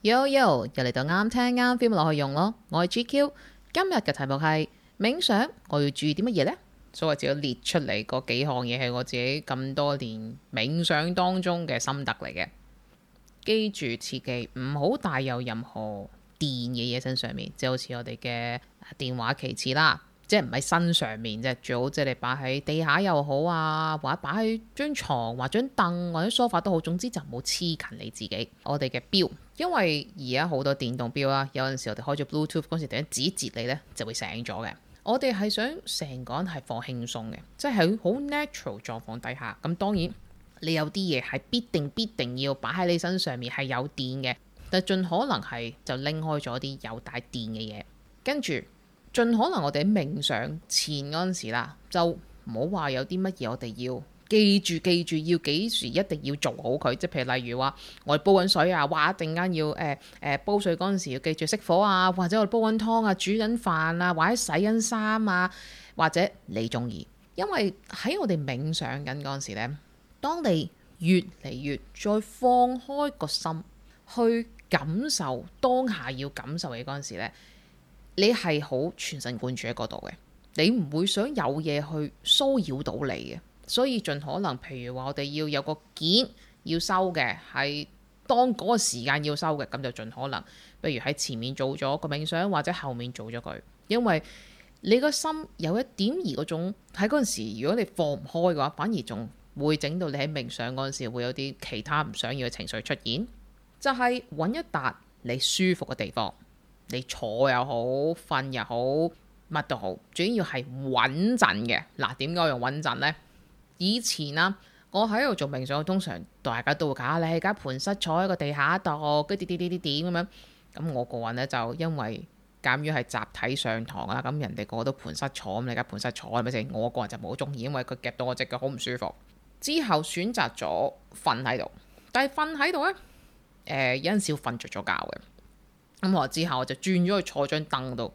Yo Yo，又嚟到啱聽啱 feel 落去用咯。我係 GQ，今日嘅題目係冥想，我要注意啲乜嘢呢？所以只要列出嚟嗰幾項嘢，係我自己咁多年冥想當中嘅心得嚟嘅。記住切記，唔好帶有任何電嘅嘢身上面，即係好似我哋嘅電話、其次啦。即係唔喺身上面啫，最好即係你擺喺地下又好啊，或者擺喺張床或張凳或者梳化都好，總之就唔好黐近你自己。我哋嘅錶，因為而家好多電動錶啦，有陣時我哋開咗 Bluetooth 嗰時，突然指節你咧，就會醒咗嘅。我哋係想成個人係放輕鬆嘅，即係喺好 natural 狀況底下。咁當然你有啲嘢係必定必定要擺喺你身上面係有電嘅，但係盡可能係就拎開咗啲有帶電嘅嘢，跟住。盡可能，我哋喺冥想前嗰陣時啦，就唔好話有啲乜嘢，我哋要記住記住，要幾時一定要做好佢。即係譬如例如話，我哋煲緊水啊，話一陣間要誒誒煲水嗰陣時要記住熄火啊，或者我哋煲緊湯啊、煮緊飯啊，或者洗緊衫啊，或者你中意。因為喺我哋冥想緊嗰陣時咧，當你越嚟越再放開個心去感受當下要感受嘅嗰陣時咧。你係好全神貫注喺嗰度嘅，你唔會想有嘢去騷擾到你嘅，所以盡可能，譬如話我哋要有個件要收嘅，係當嗰個時間要收嘅，咁就盡可能，譬如喺前面做咗個冥想，或者後面做咗佢，因為你個心有一點而嗰種喺嗰陣時，如果你放唔開嘅話，反而仲會整到你喺冥想嗰陣時會有啲其他唔想要嘅情緒出現，就係、是、揾一笪你舒服嘅地方。你坐又好，瞓又好，乜都好，主要係穩陣嘅。嗱，點解我要穩陣咧？以前啦，我喺度做冥想，通常大家都會嚇你喺間盤室坐喺個地下度，跟啲啲啲點咁樣。咁我個人咧就因為鑑於係集體上堂啦，咁人哋個個都盤室坐，咁你喺間盤室坐係咪先？我個人就冇中意，因為佢夾到我隻腳好唔舒服。之後選擇咗瞓喺度，但係瞓喺度咧，誒有陣時瞓着咗覺嘅。咁我，嗯、之後我就轉咗去坐張凳度。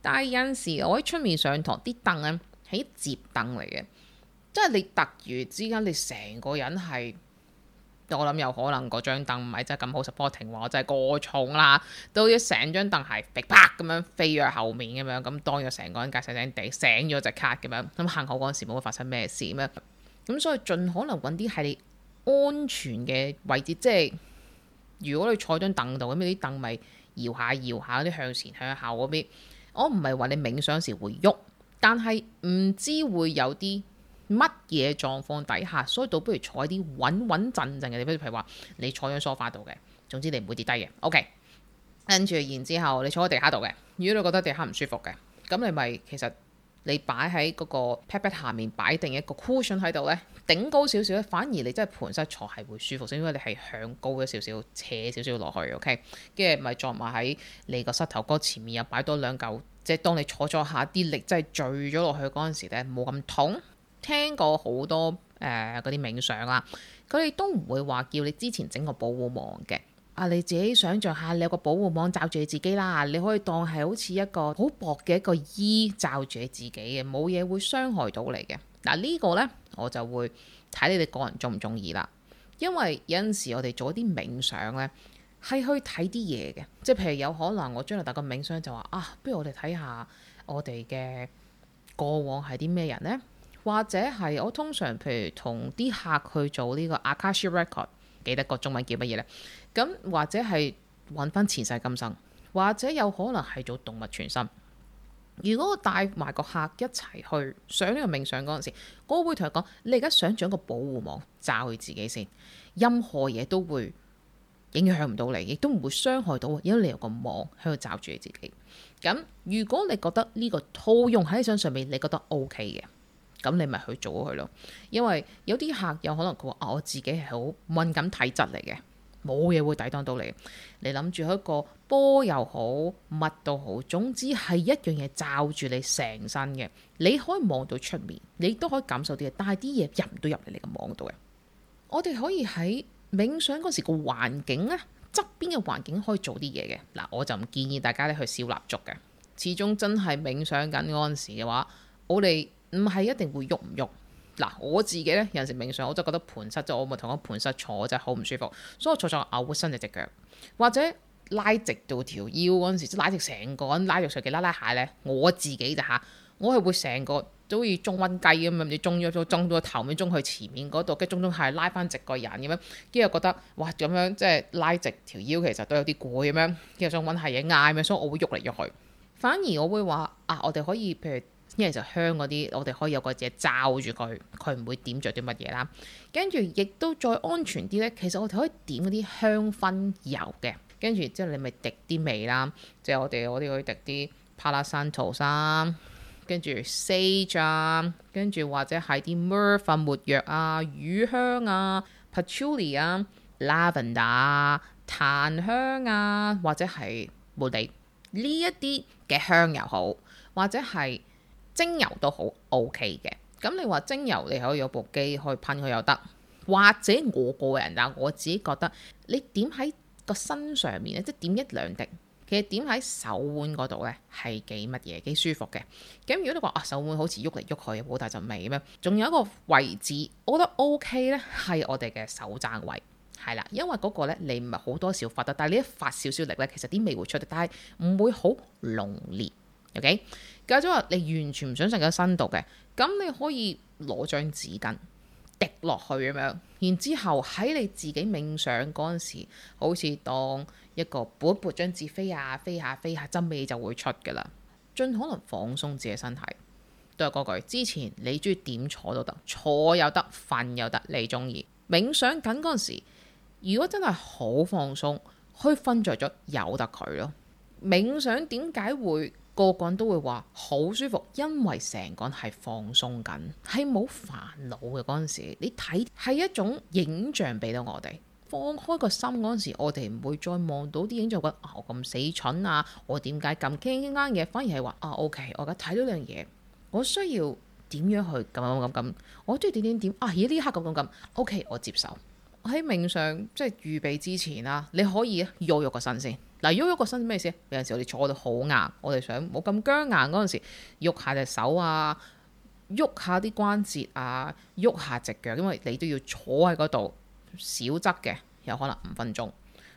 但係有陣時我喺出面上堂啲凳咧係折凳嚟嘅，即係你突然之間你成個人係，我諗有可能嗰張凳唔係真係咁好 supporting，話我真係過重啦，都要成張凳係劈啪咁樣飛咗後面咁樣，咁當咗成個人跌醒醒地醒咗隻卡咁樣咁，幸好嗰陣時冇發生咩事咁樣咁，所以盡可能揾啲係你安全嘅位置，即係如果你坐張凳度咁，啲凳咪～搖下搖下啲向前向後嗰邊，我唔係話你冥想時會喐，但係唔知會有啲乜嘢狀況底下，所以倒不如坐喺啲穩穩陣陣嘅地方，譬如話你坐喺梳化度嘅，總之你唔會跌低嘅。OK，跟住然之後你坐喺地下度嘅，如果你覺得地下唔舒服嘅，咁你咪其實。你擺喺嗰個 pat pat 下面擺定一個 cushion 喺度咧，頂高少少咧，反而你真係盤膝坐係會舒服先，因為你係向高咗少少，斜少少落去，OK，跟住咪坐埋喺你個膝頭哥前面又擺多兩嚿，即係當你坐咗下啲力真係聚咗落去嗰陣時咧，冇咁痛。聽過好多誒嗰啲冥想啦，佢哋都唔會話叫你之前整個保護網嘅。啊！你自己想象下，你有個保護網罩住你自己啦。你可以當係好似一個好薄嘅一個衣罩住你自己嘅，冇嘢會傷害到你嘅。嗱、這、呢個呢，我就會睇你哋個人鍾唔鍾意啦。因為有陣時我哋做啲冥想呢，係去睇啲嘢嘅。即係譬如有可能我將來打個冥想就話啊，不如我哋睇下我哋嘅過往係啲咩人呢？或者係我通常譬如同啲客去做呢個阿卡西 Record，記得個中文叫乜嘢呢？咁或者係揾翻前世今生，或者有可能係做動物傳心。如果我帶埋個客一齊去上呢個冥想嗰陣時，我會同佢講：你而家想做一個保護網罩佢自己先，任何嘢都會影響唔到你，亦都唔會傷害到，因為你有，有個網喺度罩住你自己。咁如果你覺得呢個套用喺你身上面，你覺得 O K 嘅，咁你咪去做佢咯。因為有啲客有可能佢話、啊，我自己係好敏感體質嚟嘅。冇嘢會抵擋到你，你諗住一個波又好，乜都好，總之係一樣嘢罩住你成身嘅。你可以望到出面，你都可以感受啲嘢，但係啲嘢入唔到入嚟你嘅網度嘅。我哋可以喺冥想嗰時個環境啊，側邊嘅環境可以做啲嘢嘅。嗱，我就唔建議大家咧去燒蠟燭嘅，始終真係冥想緊嗰陣時嘅話，我哋唔係一定會喐唔喐。嗱，我自己咧有陣時冥想，我都覺得盤膝就我咪同個盤膝坐就好唔舒服，所以我坐坐我會伸隻腳，或者拉直到條腰嗰陣時，即拉直成個人，拉到上幾拉拉吓咧，我自己就吓，我係會成個都好似中瘟雞咁樣，你中咗中到個頭面，中去前面嗰度，跟住中中係拉翻直個人咁樣，樣，跟住覺得哇咁樣即係拉直條腰其實都有啲攰咁樣，跟住想揾下嘢嗌咩，所以我會喐嚟喐去，反而我會話啊，我哋可以譬如。因為就香嗰啲，我哋可以有個嘢罩住佢，佢唔會點着啲乜嘢啦。跟住亦都再安全啲呢，其實我哋可以點嗰啲香薰油嘅。跟住之後你咪滴啲味啦，即係我哋我哋可以滴啲 Palo Santo 啦，跟住 sage，跟住或者係啲 myrrh 沒藥啊、乳香啊、patchouli 啊、lavender 啊、檀香啊，或者係茉莉呢一啲嘅香油好，或者係。精油都好 O K 嘅，咁你話精油，你可以有部機去噴佢又得，或者我個人啊，我自己覺得你點喺個身上面咧，即係點一兩滴，其實點喺手腕嗰度咧係幾乜嘢幾舒服嘅。咁如果你話啊，手腕好似喐嚟喐去，好大陣味咁樣，仲有一個位置，我覺得 O K 咧係我哋嘅手踭位，係啦，因為嗰個咧你唔係好多少發得，但係你一發少少力咧，其實啲味會出得，但係唔會好濃烈。O.K. 假如話你完全唔想食嗰新毒嘅，咁你可以攞張紙巾滴落去咁樣，然之後喺你自己冥想嗰陣時，好似當一個撥一撥張紙飛下、啊、飛下、啊、飛下、啊，針、啊、味就會出噶啦。盡可能放鬆自己身體，都係嗰句。之前你中意點坐都得，坐又得，瞓又得，你中意冥想緊嗰陣時，如果真係好放鬆，去瞓着咗由得佢咯。冥想點解會？個個人都會話好舒服，因為成個人係放鬆緊，係冇煩惱嘅嗰陣時。你睇係一種影像俾到我哋，放開個心嗰陣時，我哋唔會再望到啲影像覺得啊，咁死蠢啊！我點解咁傾啱嘅？反而係話啊，OK，我而家睇到呢樣嘢，我需要點樣去咁咁咁咁，我中意點點點啊！而家呢刻咁咁咁，OK，我接受。喺冥想即係預備之前啊，你可以喐喐個身先。嗱，喐喐個身咩意思？有陣時我哋坐到好硬，我哋想冇咁僵硬嗰陣時，喐下隻手啊，喐下啲關節啊，喐下隻腳，因為你都要坐喺嗰度，少則嘅有可能五分鐘，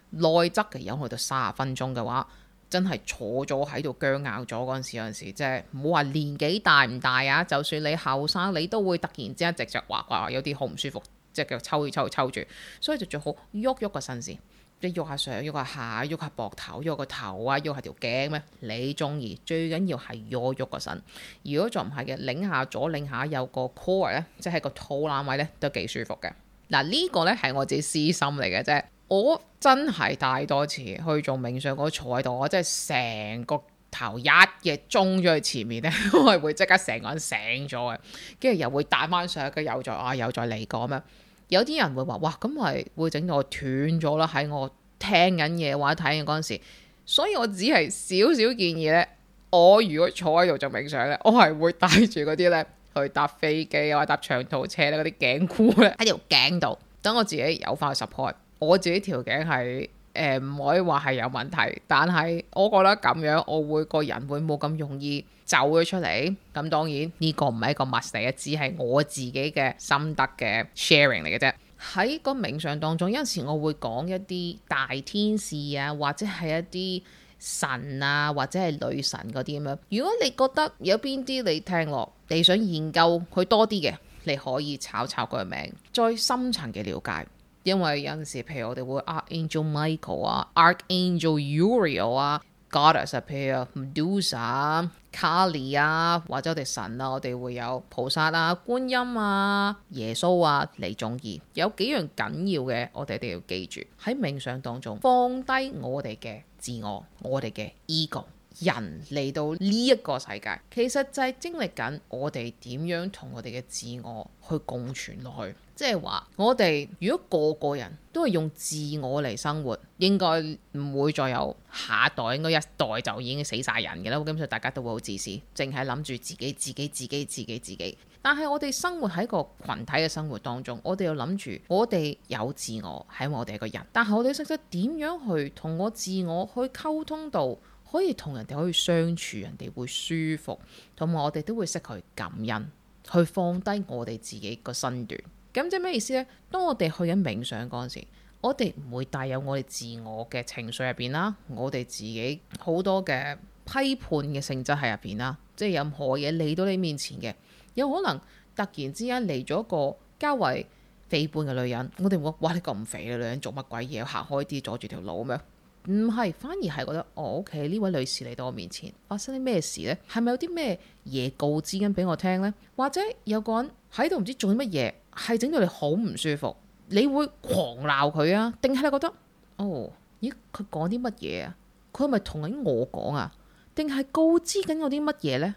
耐則嘅有去到三十分鐘嘅話，真係坐咗喺度僵硬咗嗰陣時，有陣時即係唔好話年紀大唔大啊，就算你後生，你都會突然之間隻腳滑滑，有啲好唔舒服。即係抽抽抽住，所以就最好喐喐個身先，即係喐下上、喐下下、喐下膊頭、喐個頭啊、喐下條頸咩？你中意，最緊要係喐喐個身。如果仲唔係嘅，擰下左擰下右個 core 咧，即係個肚腩位咧都幾舒服嘅。嗱、啊這個、呢個咧係我自己私心嚟嘅啫，我真係帶多次去做冥想，我坐喺度，我真係成個頭一嘅中咗去前面咧， 我係會即刻成個人醒咗嘅，跟住又會彈翻上去，跟又再啊又再嚟過咁樣。有啲人會話，哇，咁係會整到我斷咗啦，喺我聽緊嘢，或者睇緊嗰陣時，所以我只係少少建議呢：「我如果坐喺度就冥想呢，我係會戴住嗰啲呢去搭飛機或者搭長途車咧，嗰啲頸箍咧喺條頸度，等我自己有法去 support 我自己條頸係。誒唔、呃、可以話係有問題，但係我覺得咁樣我會個人會冇咁容易走咗出嚟。咁當然呢、呢個唔係一個密事嘅，只係我自己嘅心得嘅 sharing 嚟嘅啫。喺個冥想當中，有陣時我會講一啲大天使啊，或者係一啲神啊，或者係女神嗰啲咁樣。如果你覺得有邊啲你聽落，你想研究佢多啲嘅，你可以抄抄佢個名，再深層嘅了解。因為有陣時，譬如我哋會 Archangel Michael 啊、Archangel Uriel 啊、Goddess 啊，譬如 Medusa 啊、Kali 啊，或者我哋神啊，我哋會有菩薩啊、觀音啊、耶穌啊，你中意。有幾樣緊要嘅，我哋一定要記住喺冥想當中放低我哋嘅自我，我哋嘅 ego。人嚟到呢一個世界，其實就係經歷緊我哋點樣同我哋嘅自我去共存落去。即係話，我哋如果個個人都係用自我嚟生活，應該唔會再有下一代。應該一代就已經死晒人嘅啦。我基本上，大家都會好自私，淨係諗住自己、自己、自己、自己、自己。但係我哋生活喺個群體嘅生活當中，我哋又諗住我哋有自我係因為我哋一個人。但係我哋識得點樣去同我自我去溝通到可以同人哋可以相處，人哋會舒服，同埋我哋都會識去感恩，去放低我哋自己個身段。咁即係咩意思呢？當我哋去緊冥想嗰陣時，我哋唔會帶有我哋自我嘅情緒入邊啦。我哋自己好多嘅批判嘅性質喺入邊啦。即係任何嘢嚟到你面前嘅，有可能突然之間嚟咗個較為肥胖嘅女人，我哋會話：你咁肥嘅女人做乜鬼嘢？行開啲，阻住條路咁樣？唔係，反而係覺得：哦，OK，呢位女士嚟到我面前，發生啲咩事呢？係咪有啲咩嘢告知緊俾我聽呢？或者有個人喺度唔知做啲乜嘢？係整到你好唔舒服，你會狂鬧佢啊？定係你覺得哦？咦，佢講啲乜嘢啊？佢係咪同緊我講啊？定係告知緊我啲乜嘢呢？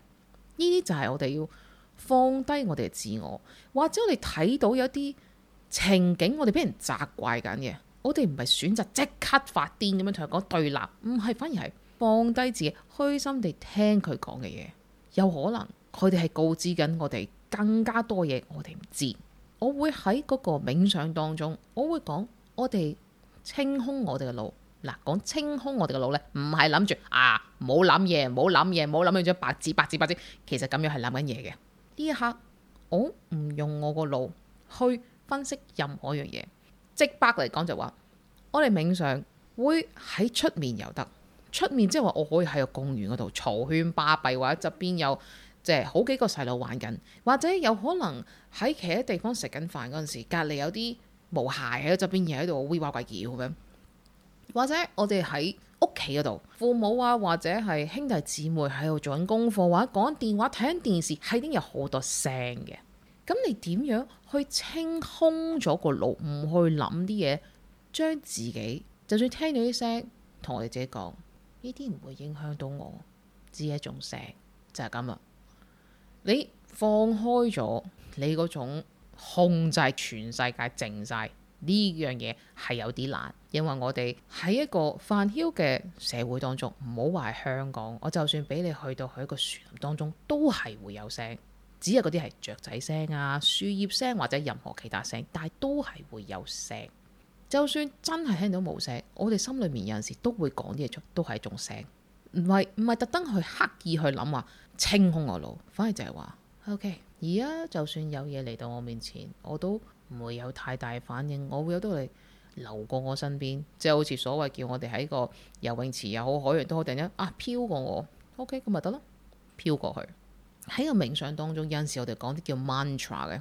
呢啲就係我哋要放低我哋嘅自我，或者我哋睇到有一啲情景，我哋俾人責怪緊嘅，我哋唔係選擇即刻發癲咁樣同佢講對立，唔係反而係放低自己，虛心地聽佢講嘅嘢。有可能佢哋係告知緊我哋更加多嘢，我哋唔知。我會喺嗰個冥想當中，我會講我哋清空我哋嘅腦。嗱、啊，講清空我哋嘅腦呢，唔係諗住啊，冇諗嘢，冇諗嘢，冇諗嘢。咗白紙，白紙，白紙。其實咁樣係諗緊嘢嘅。呢一刻，我唔用我個腦去分析任何一樣嘢。直白嚟講就話，我哋冥想會喺出面又得，出面即係話我可以喺個公園嗰度嘈喧巴閉，或者側邊有。即係好幾個細路玩緊，或者有可能喺其他地方食緊飯嗰陣時，隔籬有啲毛孩喺側邊，嘢喺度烏哇鬼叫咁。或者我哋喺屋企嗰度，父母啊或者係兄弟姊妹喺度做緊功課，或者講電話睇緊電視，係已經有好多聲嘅。咁你點樣去清空咗個腦，唔去諗啲嘢，將自己就算聽到啲聲，同我哋自己講呢啲唔會影響到我，只係一種聲就係咁啦。你放開咗你嗰種控制全世界靜晒呢樣嘢，係有啲難，因為我哋喺一個泛囂嘅社會當中，唔好話係香港，我就算俾你去到去一個樹林當中，都係會有聲，只係嗰啲係雀仔聲啊、樹葉聲或者任何其他聲，但係都係會有聲，就算真係聽到無聲，我哋心裏面有陣時都會講啲嘢出，都係一種聲。唔係唔係特登去刻意去諗話清空我腦，反而就係話，OK，而家就算有嘢嚟到我面前，我都唔會有太大反應，我會有動力流過我身邊，即係好似所謂叫我哋喺個游泳池又好，海洋都好，突然間啊飄過我，OK，咁咪得咯，飄過去。喺個冥想當中，有陣時我哋講啲叫 mantra 嘅，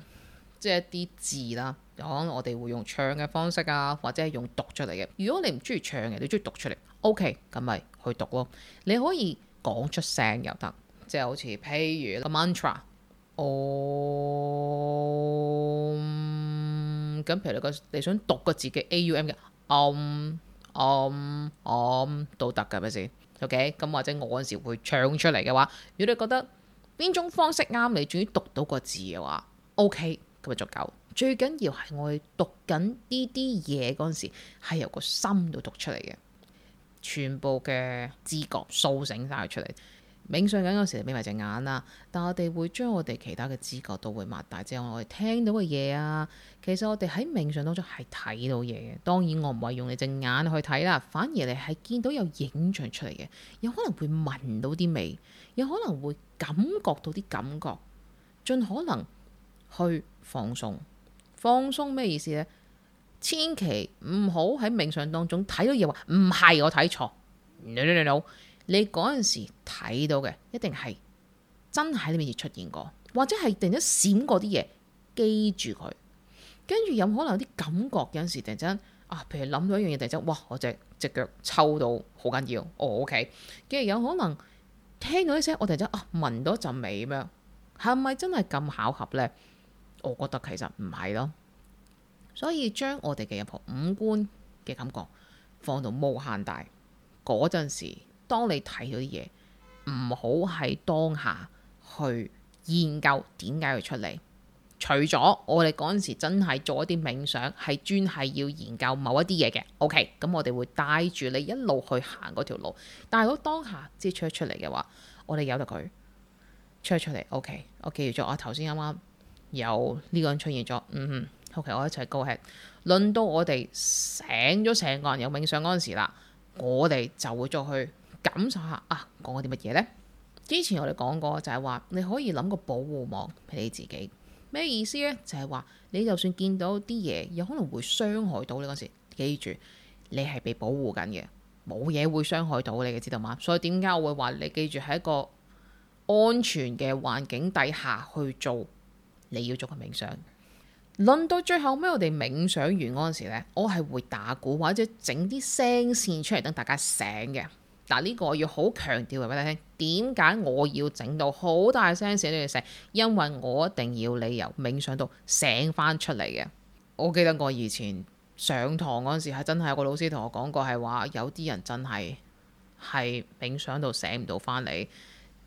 即係一啲字啦，可能我哋會用唱嘅方式啊，或者係用讀出嚟嘅。如果你唔中意唱嘅，你中意讀出嚟，OK，咁咪。OK, 去讀咯，你可以講出聲又得，即係好似譬如個 mantra 哦、um，咁譬如你個你想讀個字嘅 a u m 嘅，om om om 都得嘅，咪先？ok，咁或者我嗰時會唱出嚟嘅話，如果你覺得邊種方式啱你，終於讀到個字嘅話，ok，咁咪足夠。最緊要係我哋讀緊呢啲嘢嗰陣時，係由個心度讀出嚟嘅。全部嘅知覺蘇醒晒出嚟，冥想緊嗰時你眯埋隻眼啦，但我哋會將我哋其他嘅知覺都會擘大，即係我哋聽到嘅嘢啊。其實我哋喺冥想當中係睇到嘢嘅，當然我唔係用你隻眼去睇啦，反而你係見到有影像出嚟嘅，有可能會聞到啲味，有可能會感覺到啲感覺，盡可能去放鬆。放鬆咩意思呢？千祈唔好喺冥想當中睇到嘢，話唔係我睇錯。你你你你，你嗰陣時睇到嘅一定係真喺裏面出現過，或者係突然間閃過啲嘢，記住佢。跟住有可能有啲感覺，有陣時突然間啊，譬如諗到一樣嘢，突然間哇，我隻隻腳抽到好緊要。OK，跟住有可能聽到一聲，我突然間啊聞到一陣味咁樣，係咪真係咁巧合咧？我覺得其實唔係咯。所以將我哋嘅任何五官嘅感覺放到無限大嗰陣時，當你睇到啲嘢，唔好喺當下去研究點解佢出嚟。除咗我哋嗰陣時真係做一啲冥想，係專係要研究某一啲嘢嘅。O.K.，咁我哋會帶住你一路去行嗰條路。但係如果當下即係出出嚟嘅話，我哋由得佢出出嚟。O.K.，我記住咗。我頭先啱啱有呢個人出現咗，嗯哼。OK，我一齊高興。輪到我哋醒咗成個人有冥想嗰陣時啦，我哋就會再去感受下啊，講啲乜嘢呢？之前我哋講過就係話，你可以諗個保護網俾你自己。咩意思呢？就係話你就算見到啲嘢，有可能會傷害到你嗰時，記住你係被保護緊嘅，冇嘢會傷害到你嘅，知道嗎？所以點解我會話你記住喺一個安全嘅環境底下去做你要做嘅冥想？論到最後尾，我哋冥想完嗰陣時呢，我係會打鼓或者整啲聲線出嚟等大家醒嘅。嗱，呢個要好強調話俾你聽。點解我要整到好大聲線畀你醒？因為我一定要你由冥想到醒翻出嚟嘅。我記得我以前上堂嗰陣時係真係有個老師同我講過係話，有啲人真係係冥想到醒唔到翻嚟。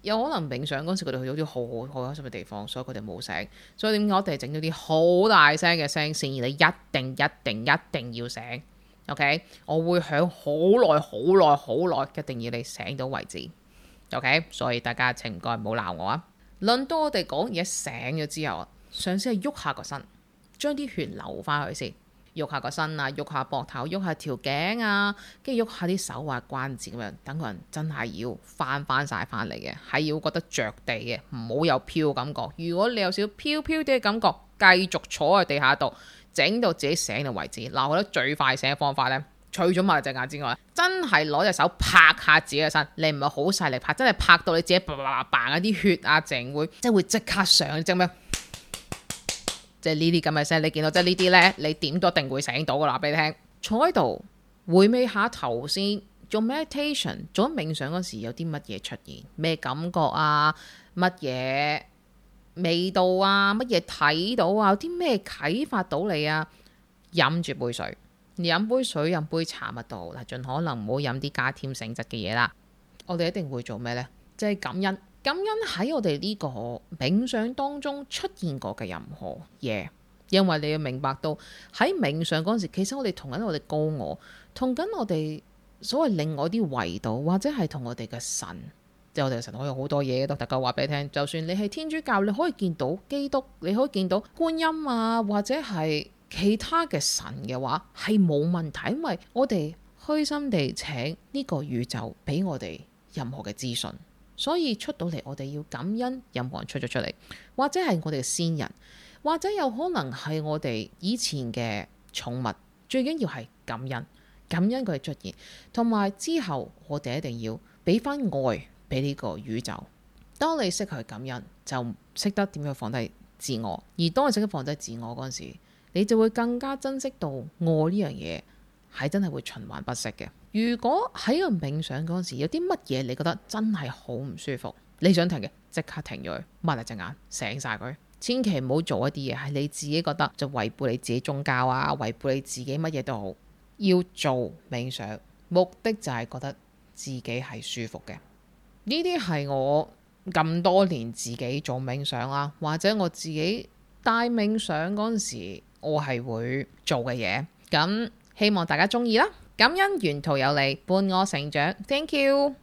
有可能冥想嗰時佢哋去咗啲好好開心嘅地方，所以佢哋冇醒。所以點解我哋整咗啲好大聲嘅聲線？而你一定一定一定要醒，OK？我會響好耐好耐好耐，一定要你醒到為止，OK？所以大家請唔該唔好鬧我啊！輪到我哋講嘢，醒咗之後，上先係喐下個身，將啲血流翻去先。喐下個身啊，喐下膊頭，喐下條頸啊，跟住喐下啲手啊關節咁樣，等個人真係要翻翻晒翻嚟嘅，係要覺得着地嘅，唔好有飄感覺。如果你有少飄飄啲嘅感覺，繼續坐喺地下度，整到自己醒嘅為止。嗱，我覺得最快醒嘅方法呢，除咗擘隻眼之外，真係攞隻手拍下自己嘅身，你唔係好細力拍，真係拍到你自己哀哀哀哀哀，叭叭叭嗰啲血啊，淨會，會，會即係會即刻上，即咪。即係呢啲咁嘅聲，你見到即係呢啲咧，你點都一定會醒到㗎喇！俾你聽，坐喺度回味下頭先做 meditation 做咗冥想嗰時有啲乜嘢出現，咩感覺啊，乜嘢味道啊，乜嘢睇到啊，有啲咩啟發到你啊？飲住杯水，飲杯水，飲杯茶物度，嗱，盡可能唔好飲啲加添性質嘅嘢啦。我哋一定會做咩咧？即係感恩。感恩喺我哋呢個冥想當中出現過嘅任何嘢，因為你要明白到喺冥想嗰陣時，其實我哋同緊我哋高我，同緊我哋所謂另外啲維度，或者係同我哋嘅神，即係我哋嘅神可以好多嘢。都特家話俾你聽，就算你係天主教，你可以見到基督，你可以見到觀音啊，或者係其他嘅神嘅話，係冇問題，因為我哋虛心地請呢個宇宙俾我哋任何嘅資訊。所以出到嚟，我哋要感恩任何人出咗出嚟，或者係我哋嘅先人，或者有可能係我哋以前嘅寵物，最緊要係感恩，感恩佢嘅出現，同埋之後我哋一定要俾翻愛俾呢個宇宙。當你識去感恩，就識得點樣放低自我，而當你識得放低自我嗰陣時，你就會更加珍惜到愛呢樣嘢，係真係會循環不息嘅。如果喺個冥想嗰陣時有啲乜嘢你覺得真係好唔舒服，你想停嘅，即刻停咗佢，擘大隻眼醒晒佢，千祈唔好做一啲嘢係你自己覺得就違背你自己宗教啊，違背你自己乜嘢都好，要做冥想目的就係覺得自己係舒服嘅，呢啲係我咁多年自己做冥想啦、啊，或者我自己帶冥想嗰陣時我係會做嘅嘢，咁希望大家中意啦。感恩沿途有你伴我成長，Thank you。